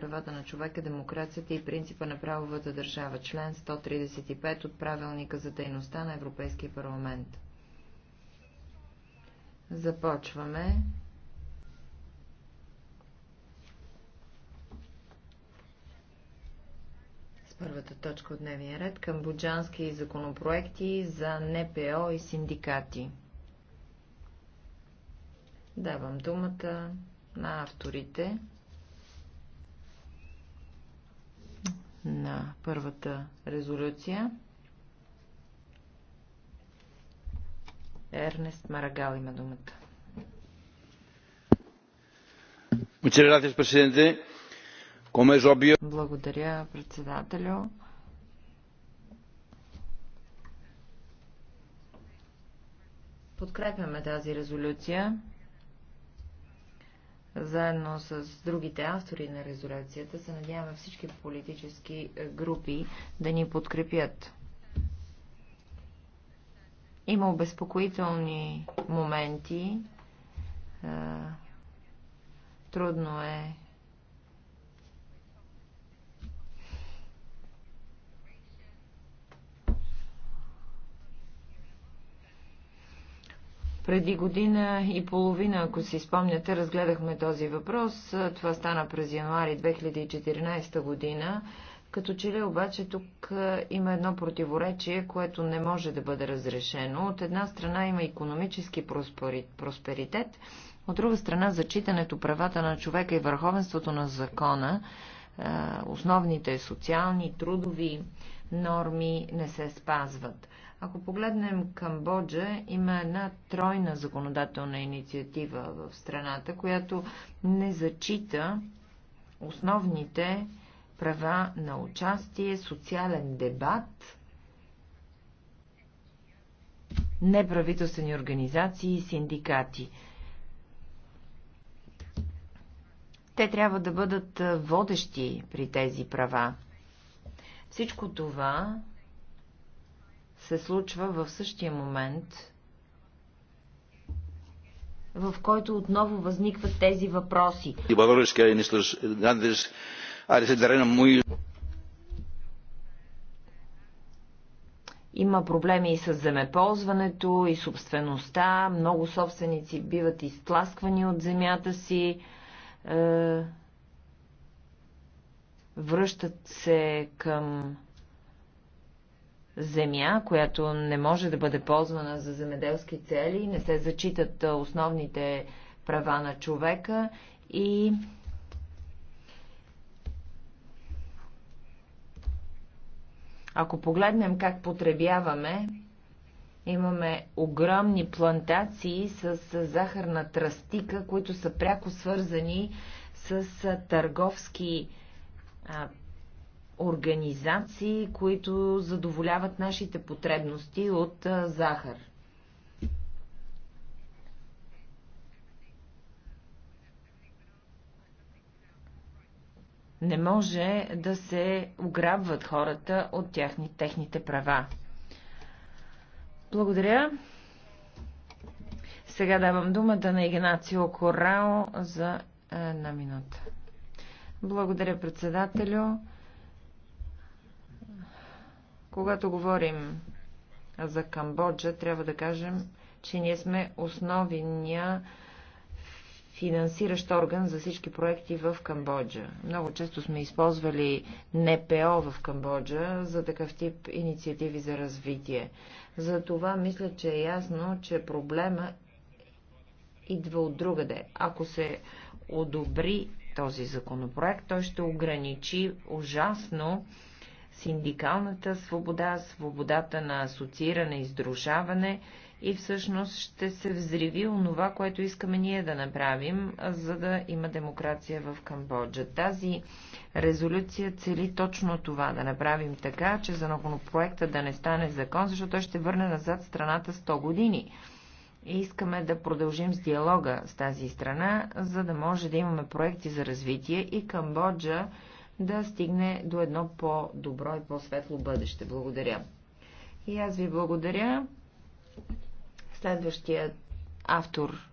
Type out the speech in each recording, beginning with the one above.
правата на човека, демокрацията и принципа на правовата държава, член 135 от правилника за дейността на Европейския парламент. Започваме. С първата точка от дневния ред – камбоджански законопроекти за НПО и синдикати. Давам думата на авторите. на първата резолюция. Ернест Марагал има думата. Благодаря, председателю. Подкрепяме тази резолюция заедно с другите автори на резолюцията, се надяваме всички политически групи да ни подкрепят. Има обезпокоителни моменти. Трудно е Преди година и половина, ако си спомняте, разгледахме този въпрос. Това стана през януари 2014 година. Като че ли обаче тук има едно противоречие, което не може да бъде разрешено. От една страна има економически просперитет, от друга страна зачитането правата на човека и върховенството на закона, основните социални, трудови норми не се спазват. Ако погледнем Камбоджа, има една тройна законодателна инициатива в страната, която не зачита основните права на участие, социален дебат, неправителствени организации и синдикати. Те трябва да бъдат водещи при тези права. Всичко това се случва в същия момент, в който отново възникват тези въпроси. Има проблеми и с земеползването, и собствеността. Много собственици биват изтласквани от земята си. Е, връщат се към земя, която не може да бъде ползвана за земеделски цели, не се зачитат основните права на човека и ако погледнем как потребяваме, имаме огромни плантации с захарна тръстика, които са пряко свързани с търговски организации, които задоволяват нашите потребности от захар. не може да се ограбват хората от тяхни, техните права. Благодаря. Сега давам думата на Игнацио Корао за една минута. Благодаря, председателю. Когато говорим за Камбоджа, трябва да кажем, че ние сме основния финансиращ орган за всички проекти в Камбоджа. Много често сме използвали НПО в Камбоджа за такъв тип инициативи за развитие. За това мисля, че е ясно, че проблема идва от другаде. Ако се одобри този законопроект, той ще ограничи ужасно синдикалната свобода, свободата на асоцииране и сдружаване и всъщност ще се взриви онова, което искаме ние да направим, за да има демокрация в Камбоджа. Тази резолюция цели точно това, да направим така, че законопроекта да не стане закон, защото той ще върне назад страната 100 години. И искаме да продължим с диалога с тази страна, за да може да имаме проекти за развитие и Камбоджа да стигне до едно по-добро и по-светло бъдеще. Благодаря. И аз ви благодаря. Следващият автор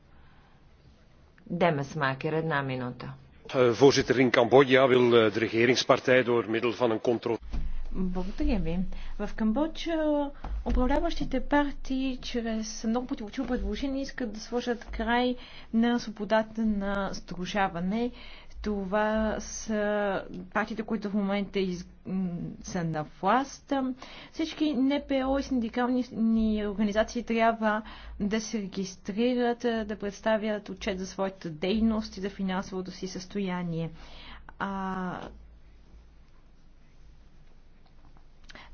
Демес Макер, една минута. Voorzitter, in Cambodja wil eh, de regeringspartij door middel van een controle. Благодаря ви. В Камбоджа управляващите партии чрез много противоречиво предложения искат да сложат край на свободата на сдружаване, това са партиите, които в момента из... са на власт. Всички НПО и синдикални организации трябва да се регистрират, да представят отчет за своята дейност и за финансовото си състояние. А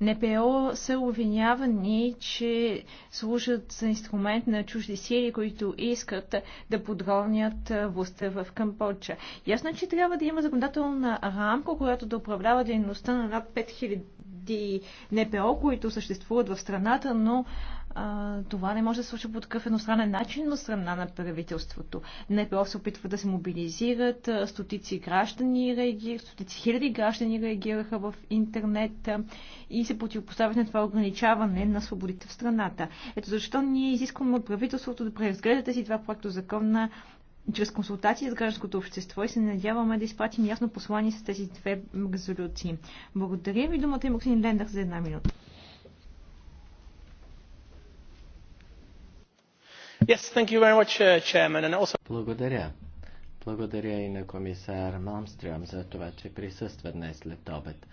НПО са обвинявани, че служат за инструмент на чужди сили, които искат да подгонят властта в Камбоджа. Ясно е, че трябва да има законодателна рамка, която да управлява дейността на над 5000 НПО, които съществуват в страната, но това не може да случи по такъв едностранен начин на страна на правителството. НПО се опитва да се мобилизират, стотици граждани реагираха, стотици хиляди граждани реагираха в интернет и се противопоставят на това ограничаване на свободите в страната. Ето защо ние изискваме от правителството да преразгледа тези два проекта закона чрез консултации с гражданското общество и се надяваме да изпратим ясно послание с тези две резолюции. Благодаря ви. Думата има Максим Лендър за една минута. Uh, Благодаря. Благодаря и на комисар Малмстрюм за това, че присъства днес след обед.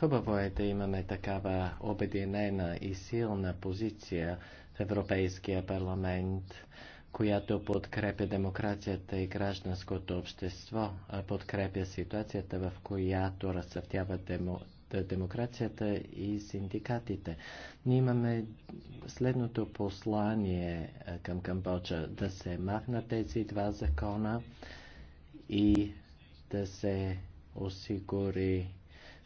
Хубаво е да имаме такава обединена и силна позиция в Европейския парламент, която подкрепя демокрацията и гражданското общество, а подкрепя ситуацията, в която разцъфтява демо демокрацията и синдикатите. Ние имаме следното послание е, към Камбоджа да се махнат тези два закона и да се осигури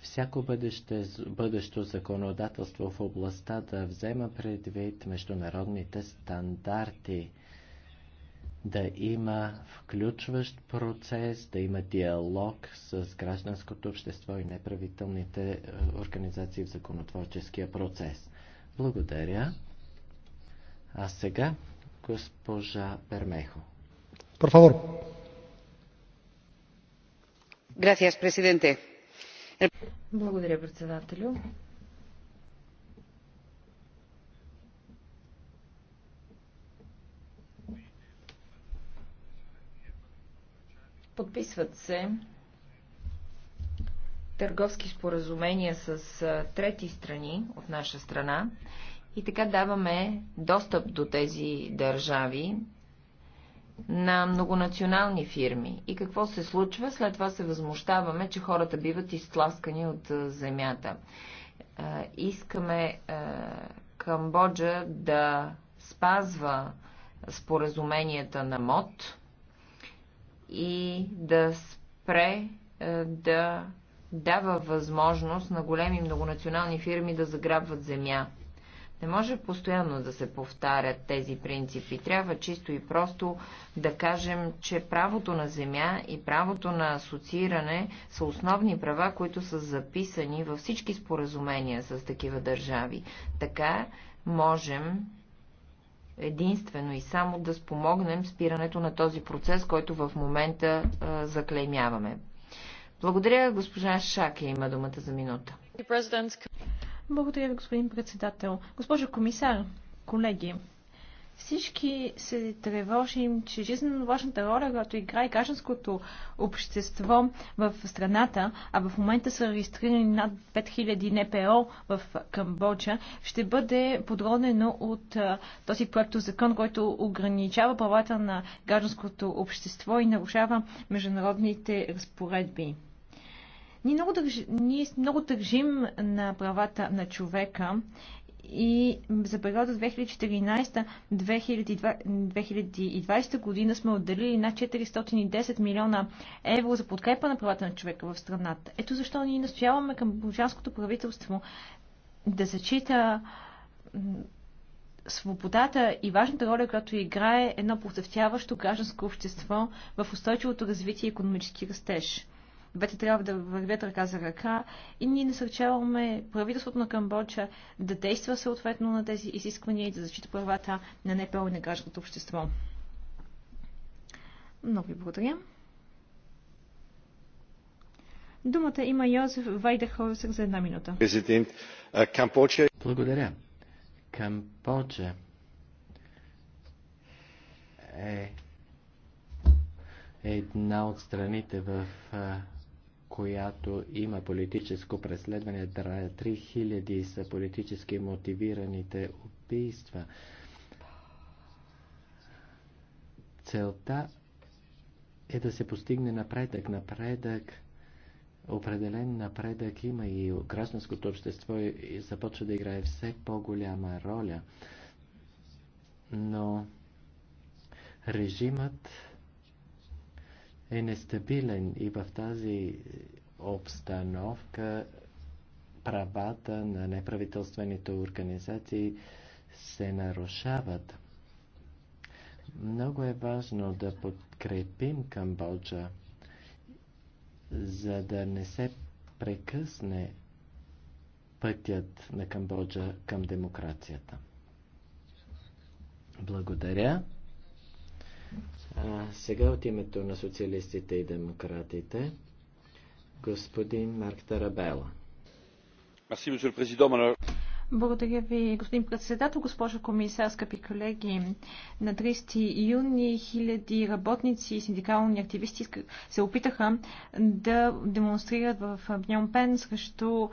всяко бъдеще, бъдещо законодателство в областта да взема предвид международните стандарти да има включващ процес, да има диалог с гражданското общество и неправителните е, организации в законотворческия процес. Благодаря. А сега госпожа Бермехо. Пърфавор. Благодаря, председателю. Подписват се търговски споразумения с трети страни от наша страна и така даваме достъп до тези държави на многонационални фирми. И какво се случва? След това се възмущаваме, че хората биват изтласкани от земята. Искаме Камбоджа да спазва споразуменията на МОД, и да спре е, да дава възможност на големи многонационални фирми да заграбват земя. Не може постоянно да се повтарят тези принципи. Трябва чисто и просто да кажем, че правото на земя и правото на асоцииране са основни права, които са записани във всички споразумения с такива държави. Така можем единствено и само да спомогнем спирането на този процес, който в момента а, заклеймяваме. Благодаря, госпожа Шаке има думата за минута. Благодаря господин председател. Госпожо комисар, колеги, всички се тревожим, че жизненно важната роля, която играе гражданското общество в страната, а в момента са регистрирани над 5000 НПО в Камбоджа, ще бъде подронено от този проект закон, който ограничава правата на гражданското общество и нарушава международните разпоредби. Ние много, държим, ние много държим на правата на човека и за периода 2014-2020 година сме отделили над 410 милиона евро за подкрепа на правата на човека в страната. Ето защо ние настояваме към Божанското правителство да зачита свободата и важната роля, която играе едно процъфтяващо гражданско общество в устойчивото развитие и економически растеж. Двете трябва да вървят ръка за ръка и ние насърчаваме правителството на Камбоджа да действа съответно на тези изисквания и да защита правата на НПО и на гражданското общество. Много ви благодаря. Думата има Йозеф Вайдехолсък за една минута. Президент Камбоджа. Благодаря. Камбоджа е една от страните в която има политическо преследване, 3000 са политически мотивираните убийства. Целта е да се постигне напредък. Напредък, определен напредък има и гражданското общество и започва да играе все по-голяма роля. Но режимът е нестабилен и в тази обстановка правата на неправителствените организации се нарушават. Много е важно да подкрепим Камбоджа, за да не се прекъсне пътят на Камбоджа към демокрацията. Благодаря. А, сега от името на социалистите и демократите, господин Марк Тарабела. Merci, благодаря ви, господин председател, госпожо комисар, скъпи колеги. На 30 юни хиляди работници и синдикални активисти се опитаха да демонстрират в Бньон Пен срещу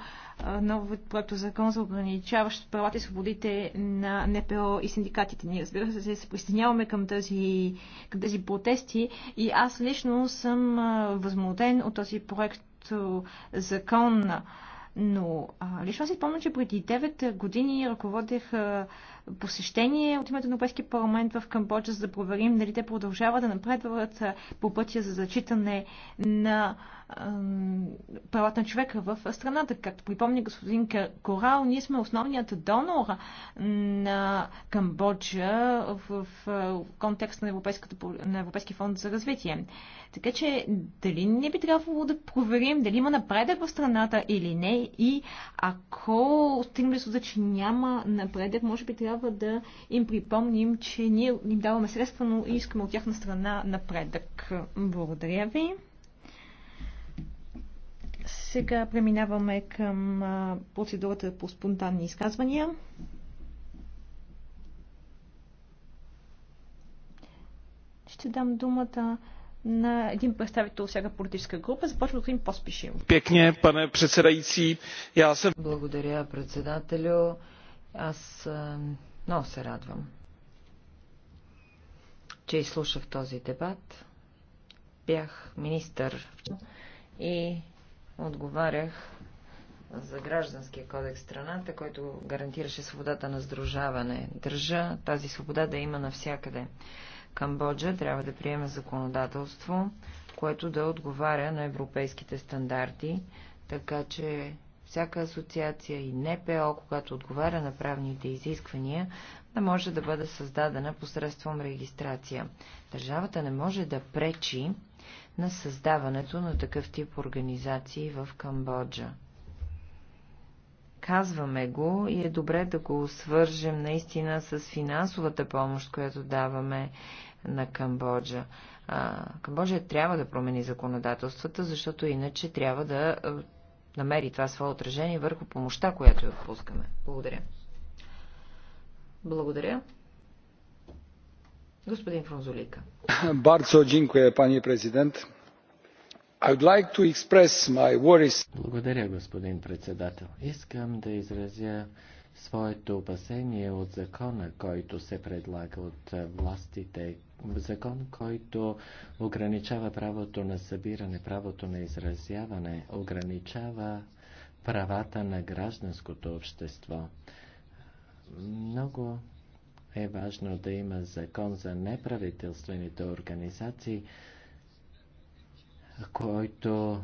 новият проект закон за ограничаващ правата и свободите на НПО и синдикатите. Ние разбира се, се присъединяваме към, към тези протести и аз лично съм възмутен от този проект закон но а, лично си спомням, че преди 9 години ръководех а, посещение от името на Европейския парламент в Камбоджа, за да проверим дали те продължават да напредват по пътя за зачитане на правата на човека в страната. Както припомня господин Корал, ние сме основният донор на Камбоджа в, в контекст на, на Европейския фонд за развитие. Така че дали не би трябвало да проверим дали има напредък в страната или не и ако стигнем до че няма напредък, може би трябва трябва да им припомним, че ние им даваме средства, но искаме от тяхна страна напредък. Благодаря ви. Сега преминаваме към процедурата по спонтанни изказвания. Ще дам думата на един представител всяка политическа група. Започва господин Поспишил. Пекне, пане Съм... Благодаря, председателю. Аз много се радвам, че изслушах този дебат. Бях министър и отговарях за гражданския кодекс страната, който гарантираше свободата на сдружаване. Държа тази свобода да има навсякъде. Камбоджа трябва да приеме законодателство, което да отговаря на европейските стандарти, така че всяка асоциация и НПО, когато отговаря на правните изисквания, да може да бъде създадена посредством регистрация. Държавата не може да пречи на създаването на такъв тип организации в Камбоджа. Казваме го и е добре да го свържем наистина с финансовата помощ, която даваме на Камбоджа. Камбоджа трябва да промени законодателствата, защото иначе трябва да намери това свое отражение върху помощта, която я отпускаме. Благодаря. Благодаря. Господин Фрунзолика. Барцо джинкуе, пани президент. I'd like to express my worries. Благодаря, господин председател. Искам да изразя своето опасение от закона, който се предлага от властите, закон, който ограничава правото на събиране, правото на изразяване, ограничава правата на гражданското общество. Много е важно да има закон за неправителствените организации, който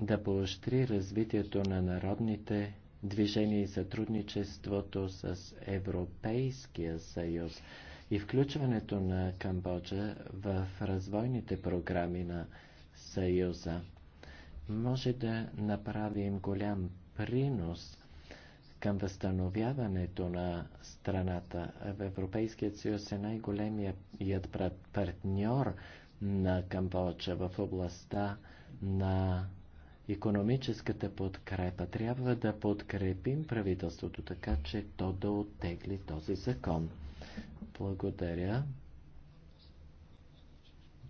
да поощри развитието на народните движение и сътрудничеството с Европейския съюз и включването на Камбоджа в развойните програми на Съюза. Може да направим голям принос към възстановяването на страната. В Европейският съюз е най-големият партньор на Камбоджа в областта на економическата подкрепа. Трябва да подкрепим правителството така, че то да оттегли този закон. Благодаря.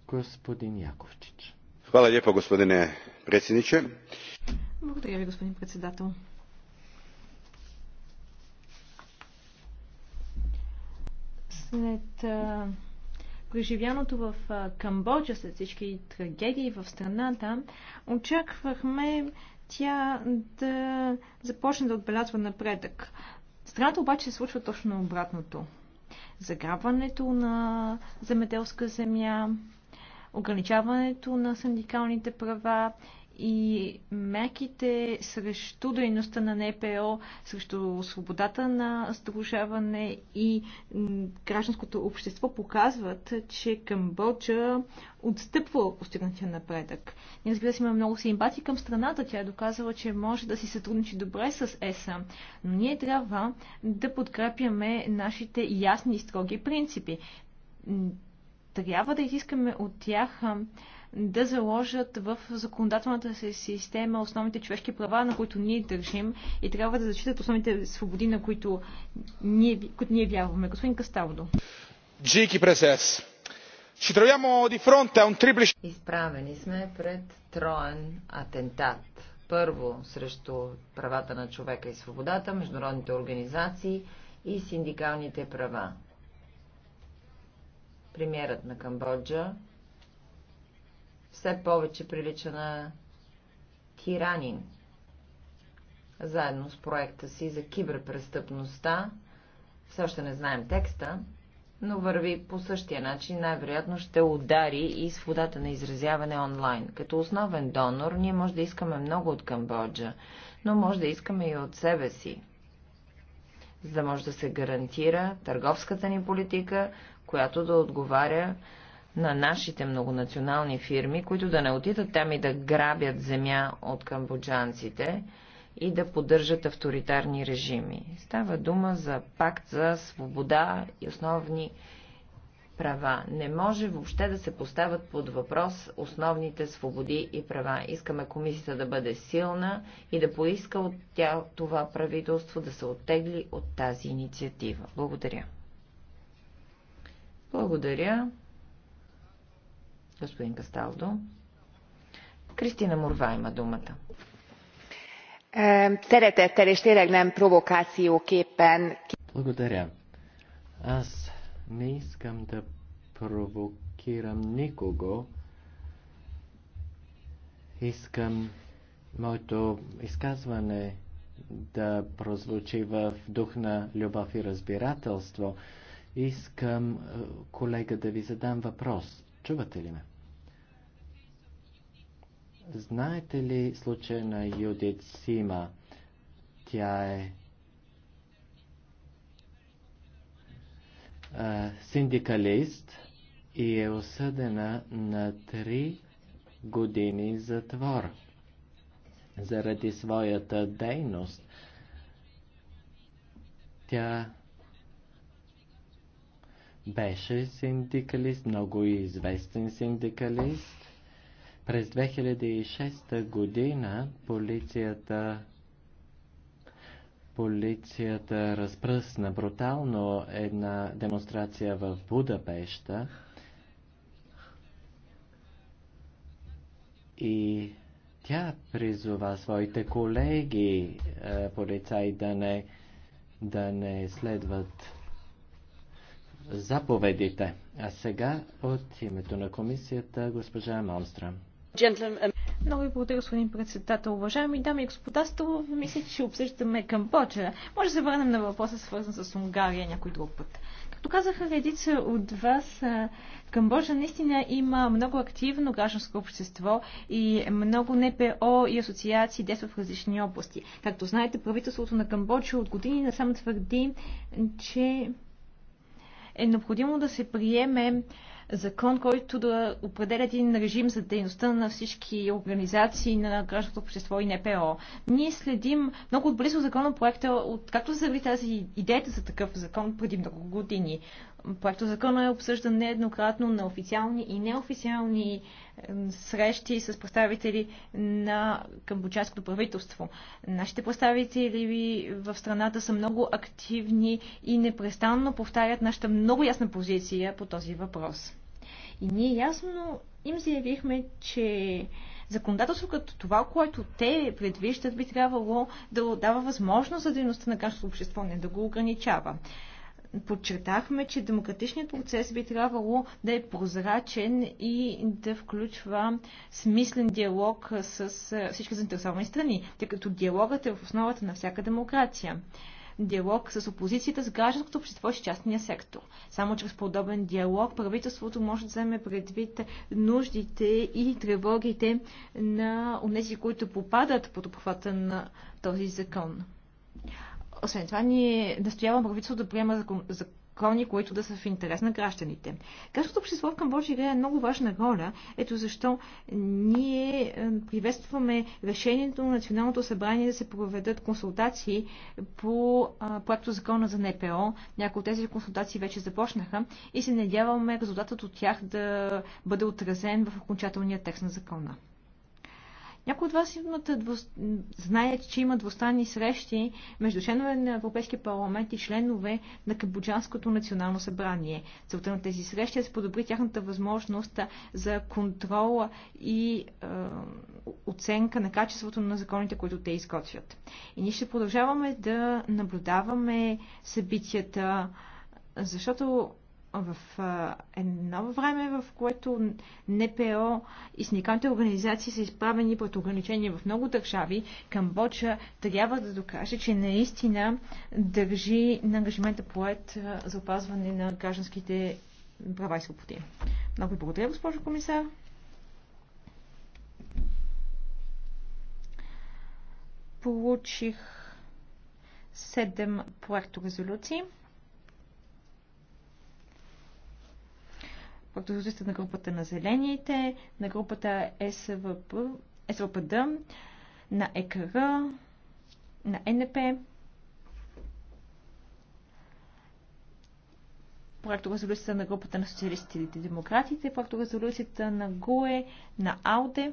Господин Яковчич. Хвала лепо, господине председниче. Благодаря ви, господин председател. След преживяното в Камбоджа след всички трагедии в страната, очаквахме тя да започне да отбелязва напредък. Страната обаче се случва точно обратното. Заграбването на земеделска земя, ограничаването на синдикалните права и мерките срещу дейността на НПО, срещу свободата на сдружаване и гражданското общество показват, че Камбоджа отстъпва постигнатия напредък. Ние разбира се имаме много симпати към страната. Тя е доказала, че може да си сътрудничи добре с ЕСА, но ние трябва да подкрепяме нашите ясни и строги принципи трябва да изискаме от тях да заложат в законодателната си система основните човешки права, на които ние държим и трябва да зачитат основните свободи, на които ние, които ние вярваме. Господин Касталдо. Джики Пресес. Ci troviamo di fronte a un triplice... Изправени сме пред троен атентат. Първо срещу правата на човека и свободата, международните организации и синдикалните права премьерът на Камбоджа все повече прилича на тиранин. Заедно с проекта си за киберпрестъпността, все още не знаем текста, но върви по същия начин, най-вероятно ще удари и свободата на изразяване онлайн. Като основен донор, ние може да искаме много от Камбоджа, но може да искаме и от себе си, за да може да се гарантира търговската ни политика която да отговаря на нашите многонационални фирми, които да не отидат там и да грабят земя от камбоджанците и да поддържат авторитарни режими. Става дума за пакт за свобода и основни права. Не може въобще да се поставят под въпрос основните свободи и права. Искаме комисията да бъде силна и да поиска от тя, това правителство да се оттегли от тази инициатива. Благодаря. Благодаря. Господин Касталдо. Кристина Мурва има думата. Е, szeretettel és tényleg nem provokációképpen. Благодаря. Аз не искам да провокирам никого. Искам моето изказване да прозвучи в дух на любов и разбирателство. Искам, е, колега, да ви задам въпрос. Чувате ли ме? Знаете ли случая на Юдит Сима? Тя е, е синдикалист и е осъдена на три години затвор заради своята дейност. Тя беше синдикалист, много известен синдикалист. През 2006 година полицията полицията разпръсна брутално една демонстрация в Будапешта и тя призова своите колеги е, полицаи да не, да не следват заповедите. А сега от името на комисията госпожа Монстра. Много ви благодаря, господин председател. Уважаеми дами и господа, стало мисля, че обсъждаме Камбоджа. Може да се върнем на въпроса, свързан с Унгария някой друг път. Както казаха редица от вас, Камбоджа наистина има много активно гражданско общество и много НПО и асоциации действат в различни области. Както знаете, правителството на Камбоджа от години насам твърди, че е необходимо да се приеме закон, който да определя един режим за дейността на всички организации на гражданското общество и НПО. Ние следим много отблизо законопроекта, от както се тази идеята за такъв закон преди много години. Проекто закона е обсъждан нееднократно на официални и неофициални срещи с представители на камбоджанското правителство. Нашите представители в страната са много активни и непрестанно повтарят нашата много ясна позиция по този въпрос. И ние ясно им заявихме, че законодателство като това, което те предвиждат, би трябвало да дава възможност за дейността на гражданското общество, не да го ограничава подчертахме, че демократичният процес би трябвало да е прозрачен и да включва смислен диалог с всички заинтересовани страни, тъй като диалогът е в основата на всяка демокрация диалог с опозицията, с гражданското общество и с частния сектор. Само чрез подобен диалог правителството може да вземе предвид нуждите и тревогите на тези, които попадат под обхвата на този закон. Освен това, ние настояваме правителството да приема закони, които да са в интерес на гражданите. Гражданското общество в Камбоджа играе много важна роля. Ето защо ние е, приветстваме решението на Националното събрание да се проведат консултации по проекто закона за НПО. Някои от тези консултации вече започнаха и се надяваме резултатът от тях да бъде отразен в окончателния текст на закона. Някои от вас имат знаят, че има двустранни срещи между членове на Европейския парламент и членове на Камбоджанското национално събрание. Целта на тези срещи е да се подобри тяхната възможност за контрол и е, оценка на качеството на законите, които те изготвят. И ние ще продължаваме да наблюдаваме събитията, защото в едно време, в което НПО и синдикалните организации са изправени под ограничения в много държави, Камбоджа трябва да докаже, че наистина държи на ангажимента поет за опазване на гражданските права и свободи. Много ви благодаря, госпожо комисар. Получих 7 проекто резолюции. в дозорността на групата на зелените, на групата СВП, СВПД, на ЕКР, на НП. резолюцията на групата на социалистите и демократите, резолюцията на ГУЕ, на АУДЕ.